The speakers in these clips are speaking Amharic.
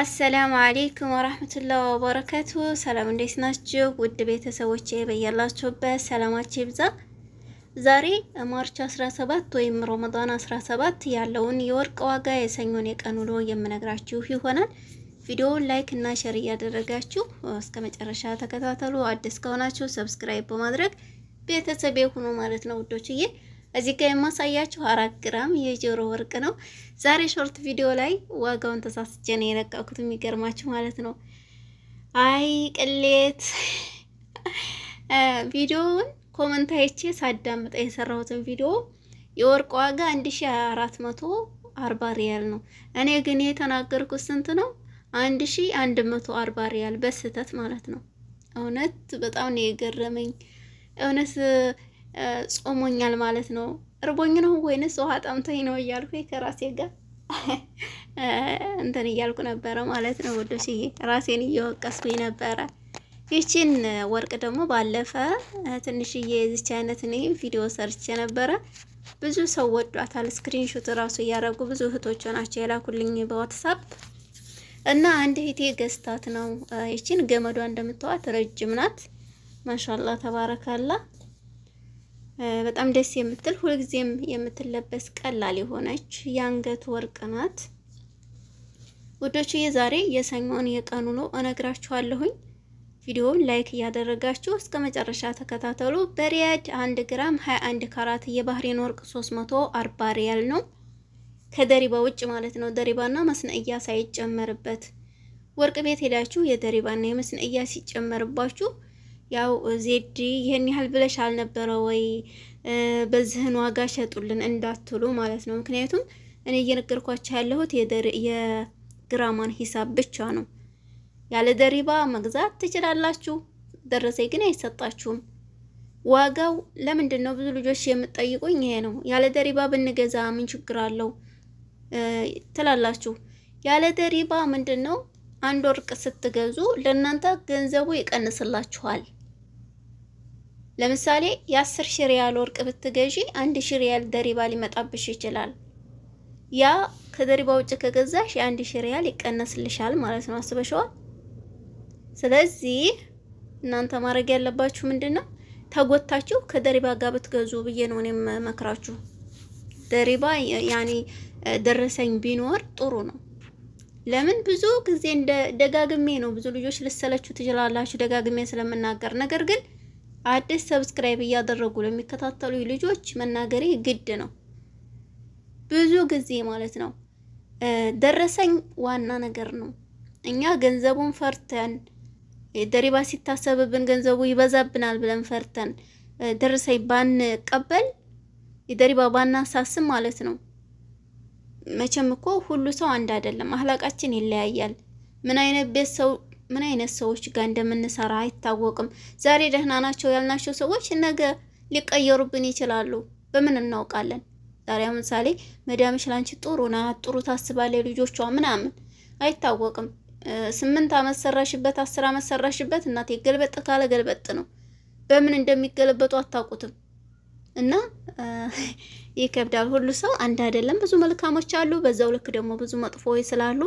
አሰላሙ አሌይኩም ወራህመቱላህ ወበረከቱ። ሰላም እንዴት ናችሁ ውድ ቤተሰቦቼ? በያላችሁበት ሰላማችሁ ይብዛ። ዛሬ ማርች 17 ወይም ሮመዳን 17 ያለውን የወርቅ ዋጋ የሰኞን የቀን ውሎ የምነግራችሁ ይሆናል። ቪዲዮውን ላይክ እና ሸር እያደረጋችሁ እስከ መጨረሻ ተከታተሉ። አዲስ ከሆናችሁ ሰብስክራይብ በማድረግ ቤተሰብ የሆኑ ማለት ነው ውዶችዬ እዚህ ጋር የማሳያችሁ አራት ግራም የጆሮ ወርቅ ነው። ዛሬ ሾርት ቪዲዮ ላይ ዋጋውን ተሳስቼ ነው የለቀኩት። የሚገርማችሁ ማለት ነው። አይ ቅሌት ቪዲዮውን ኮመንት አይቼ ሳዳምጠ የሰራሁትን ቪዲዮ የወርቅ ዋጋ 1440 ሪያል ነው። እኔ ግን የተናገርኩት ስንት ነው? 1140 ሪያል በስህተት ማለት ነው። እውነት በጣም ነው የገረመኝ እውነት ጾሞኛል ማለት ነው። እርቦኝ ነው ወይንስ ውሃ ጠምቶኝ ነው እያልኩ ከራሴ ጋር እንትን እያልኩ ነበረ ማለት ነው። ወዶች ራሴን እየወቀስኩኝ ነበረ። ይችን ወርቅ ደግሞ ባለፈ ትንሽዬ የዚች አይነት እኔ ቪዲዮ ሰርቼ ነበረ። ብዙ ሰው ወዷታል። ስክሪንሾት እራሱ እያደረጉ ብዙ እህቶች ናቸው የላኩልኝ በዋትሳፕ እና አንድ እህቴ ገዝታት ነው። ይችን ገመዷ እንደምታዋት ረጅም ናት። ማሻላ ተባረካላ በጣም ደስ የምትል ሁልጊዜም የምትለበስ ቀላል የሆነች የአንገት ወርቅ ናት። ውዶቹ የዛሬ የሰኞን የቀን ውሎ እነግራችኋለሁኝ። ቪዲዮውን ላይክ እያደረጋችሁ እስከ መጨረሻ ተከታተሉ። በሪያድ 1 ግራም 21 ካራት የባህሬን ወርቅ 340 ሪያል ነው። ከደሪባ ውጭ ማለት ነው። ደሪባና መስነእያ ሳይጨመርበት ወርቅ ቤት ሄዳችሁ የደሪባና የመስነእያ ሲጨመርባችሁ ያው ዜድ ይህን ያህል ብለሽ አልነበረ ወይ በዚህን ዋጋ ሸጡልን እንዳትሉ ማለት ነው። ምክንያቱም እኔ እየነገርኳቸው ያለሁት የግራማን ሂሳብ ብቻ ነው። ያለ ደሪባ መግዛት ትችላላችሁ። ደረሰኝ ግን አይሰጣችሁም። ዋጋው ለምንድን ነው ብዙ ልጆች የምጠይቁኝ ይሄ ነው። ያለ ደሪባ ብንገዛ ምን ችግር አለው ትላላችሁ። ያለ ደሪባ ምንድን ነው አንድ ወርቅ ስትገዙ ለእናንተ ገንዘቡ ይቀንስላችኋል። ለምሳሌ የአስር ሺህ ሪያል ወርቅ ብትገዢ አንድ ሺህ ሪያል ደሪባ ሊመጣብሽ ይችላል። ያ ከደሪባ ውጭ ከገዛሽ የአንድ ሺህ ሪያል ይቀነስልሻል ማለት ነው። አስበሽዋል? ስለዚህ እናንተ ማድረግ ያለባችሁ ምንድን ነው? ተጎታችሁ ከደሪባ ጋር ብትገዙ ብዬ ነው እኔም መክራችሁ። ደሪባ ያኔ ደረሰኝ ቢኖር ጥሩ ነው። ለምን ብዙ ጊዜ እንደ ደጋግሜ ነው ብዙ ልጆች ልሰለችሁ ትችላላችሁ፣ ደጋግሜ ስለምናገር ነገር ግን አዲስ ሰብስክራይብ እያደረጉ ለሚከታተሉ ልጆች መናገሬ ግድ ነው። ብዙ ጊዜ ማለት ነው ደረሰኝ ዋና ነገር ነው። እኛ ገንዘቡን ፈርተን ደሪባ ሲታሰብብን ገንዘቡ ይበዛብናል ብለን ፈርተን ደረሰኝ ባንቀበል የደሪባ ባናሳስብ ማለት ነው። መቼም እኮ ሁሉ ሰው አንድ አይደለም። አህላቃችን ይለያያል። ምን አይነት ቤት ሰው ምን አይነት ሰዎች ጋር እንደምንሰራ አይታወቅም። ዛሬ ደህና ናቸው ያልናቸው ሰዎች ነገ ሊቀየሩብን ይችላሉ። በምን እናውቃለን? ዛሬ ምሳሌ መዳምሽ ላንቺ ጥሩ ናት፣ ጥሩ ታስባለች ልጆቿ ምናምን አይታወቅም። ስምንት አመት ሰራሽበት፣ አስር አመት ሰራሽበት፣ እናቴ ገልበጥ ካለ ገልበጥ ነው። በምን እንደሚገለበጡ አታውቁትም። እና ይከብዳል። ሁሉ ሰው አንድ አይደለም። ብዙ መልካሞች አሉ፣ በዛው ልክ ደግሞ ብዙ መጥፎ ስላሉ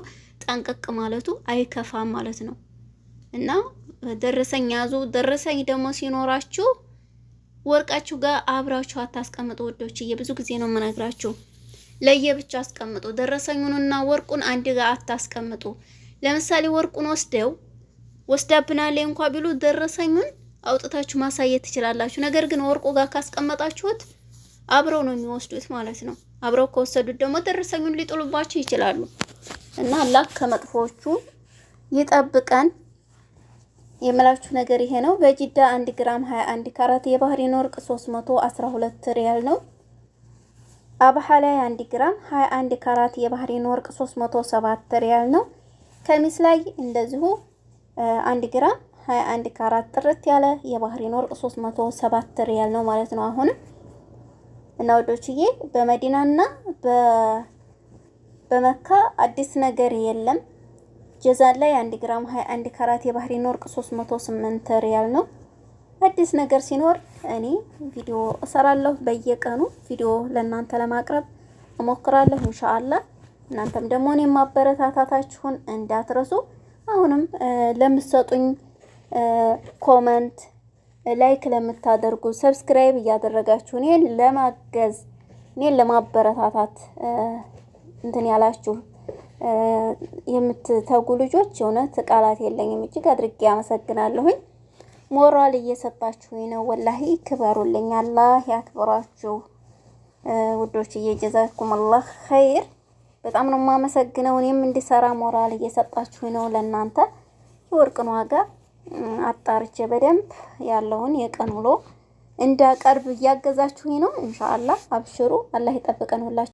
ጠንቀቅ ማለቱ አይከፋም ማለት ነው። እና ደረሰኝ ያዙ። ደረሰኝ ደግሞ ሲኖራችሁ ወርቃችሁ ጋር አብራችሁ አታስቀምጡ ውዶችዬ። ብዙ ጊዜ ነው የምነግራችሁ፣ ለየብቻ አስቀምጡ። ደረሰኙንና ወርቁን አንድ ጋር አታስቀምጡ። ለምሳሌ ወርቁን ወስደው ወስዳብናል እንኳ ቢሉ ደረሰኙን አውጥታችሁ ማሳየት ትችላላችሁ። ነገር ግን ወርቁ ጋር ካስቀመጣችሁት አብረው ነው የሚወስዱት ማለት ነው። አብረው ከወሰዱት ደግሞ ደረሰኙን ሊጥሉባችሁ ይችላሉ እና አላህ ከመጥፎቹ ይጠብቀን። የምላችሁ ነገር ይሄ ነው። በጅዳ 1 ግራም 21 ካራት የባህሬን ወርቅ 312 ሪያል ነው። አብሃ ላይ 1 ግራም 21 ካራት የባህሬን ወርቅ 307 ሪያል ነው። ከሚስ ላይ እንደዚሁ 1 ግራም 21 ካራት ጥርት ያለ የባህሬን ወርቅ 307 ሪያል ነው ማለት ነው። አሁንም እና ወዶችዬ በመዲናና በመካ አዲስ ነገር የለም። ጀዛን ላይ 1 ግራም 21 ካራት የባህሪን ወርቅ 308 ሪያል ነው። አዲስ ነገር ሲኖር እኔ ቪዲዮ እሰራለሁ። በየቀኑ ቪዲዮ ለእናንተ ለማቅረብ እሞክራለሁ ኢንሻአላህ። እናንተም ደግሞ እኔ ማበረታታታችሁን እንዳትረሱ። አሁንም ለምትሰጡኝ ኮመንት፣ ላይክ ለምታደርጉ ሰብስክራይብ እያደረጋችሁ እኔን ለማገዝ እኔን ለማበረታታት እንትን ያላችሁ የምትተጉ ልጆች እውነት ቃላት የለኝም። እጅግ አድርጌ አመሰግናለሁኝ። ሞራል እየሰጣችሁኝ ነው። ወላሂ ክበሩልኝ፣ አላህ ያክብራችሁ ውዶች። እየጀዛኩም አላህ ኸይር። በጣም ነው የማመሰግነው። እኔም እንዲሰራ ሞራል እየሰጣችሁኝ ነው። ለእናንተ የወርቅን ዋጋ አጣርቼ በደንብ ያለውን የቀን ውሎ እንዳቀርብ እያገዛችሁኝ ነው። ኢንሻአላህ አብሽሩ። አላህ ይጠብቀን ሁላችሁ።